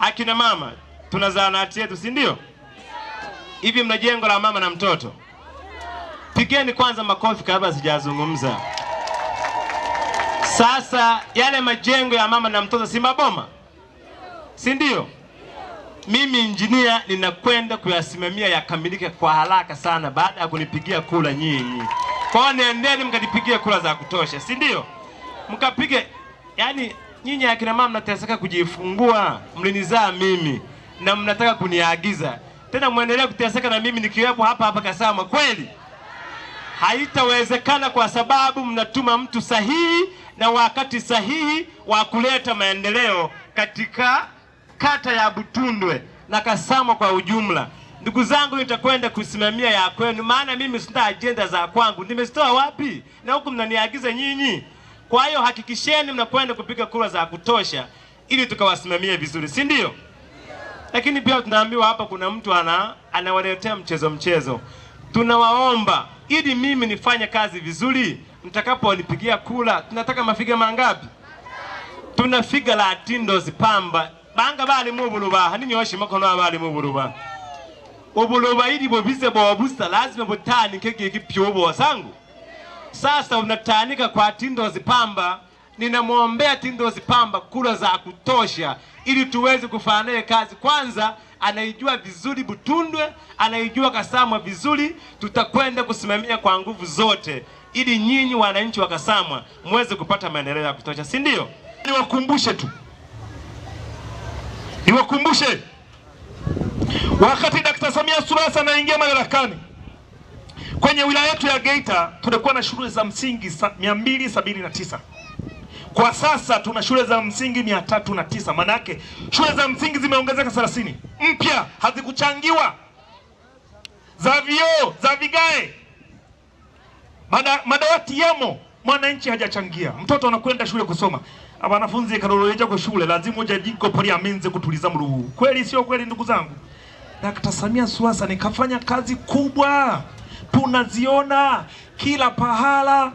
Akina mama tuna zahanati yetu, si ndio? Hivi mna jengo la mama na mtoto, pigeni kwanza makofi kabla sijazungumza. Sasa yale majengo ya mama na mtoto si maboma, si ndio? Mimi injinia ninakwenda kuyasimamia yakamilike kwa haraka sana, baada ya kunipigia kula nyinyi. Kwa hiyo mkanipigia mkanipigie kula za kutosha, si ndio? Mkapige yani nyinyi akina mama mnateseka kujifungua, mlinizaa mimi na mnataka kuniagiza tena, mwendelea kuteseka na mimi nikiwepo hapa hapa Kasama. Kweli haitawezekana, kwa sababu mnatuma mtu sahihi na wakati sahihi wa kuleta maendeleo katika kata ya Butundwe na Kasama kwa ujumla. Ndugu zangu, nitakwenda kusimamia ya kwenu, maana mimi sina ajenda za kwangu. Nimezitoa wapi? Na huku mnaniagiza nyinyi. Kwa hiyo hakikisheni mnakwenda kupiga kura za kutosha ili tukawasimamie vizuri, si ndio? Lakini pia tunaambiwa hapa kuna mtu ana anawaletea mchezo mchezo. Tunawaomba ili mimi nifanye kazi vizuri, mtakaponipigia kura, tunataka mafiga mangapi? Tuna figa la tindozi pamba banga bali mubuluba haninyoshe makono abali mubuluba ubuluba ili bobize bobusa lazima botani keke kipyo bo bosangu sasa unatanika kwa Tindozi Pamba. Ninamwombea Tindozi Pamba kura za kutosha, ili tuweze kufanya naye kazi. Kwanza anaijua vizuri Butundwe, anaijua Kasamwa vizuri. Tutakwenda kusimamia kwa nguvu zote, ili nyinyi wananchi wa Kasamwa mweze kupata maendeleo ya kutosha, si ndio? Niwakumbushe tu, niwakumbushe wakati Dakta Samia Suluhu Hassan anaingia madarakani Kwenye wilaya yetu ya Geita tunakuwa na shule za msingi na tisa. kwa sasa tuna shule za msingi mia tatu na tisa. Maana yake shule za msingi zimeongezeka thelathini mpya, hazikuchangiwa za vioo za vigae, mada madawati yamo, mwananchi hajachangia. Mtoto anakwenda shule kusoma, wanafunzi kalololeja kwa shule lazima jiko pori amenze kutuliza mruhu. Kweli sio kweli, ndugu zangu? Dakta Samia Suasa nikafanya kazi kubwa tunaziona kila pahala.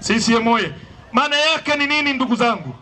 CCM oye! Maana yake ni nini, ndugu zangu?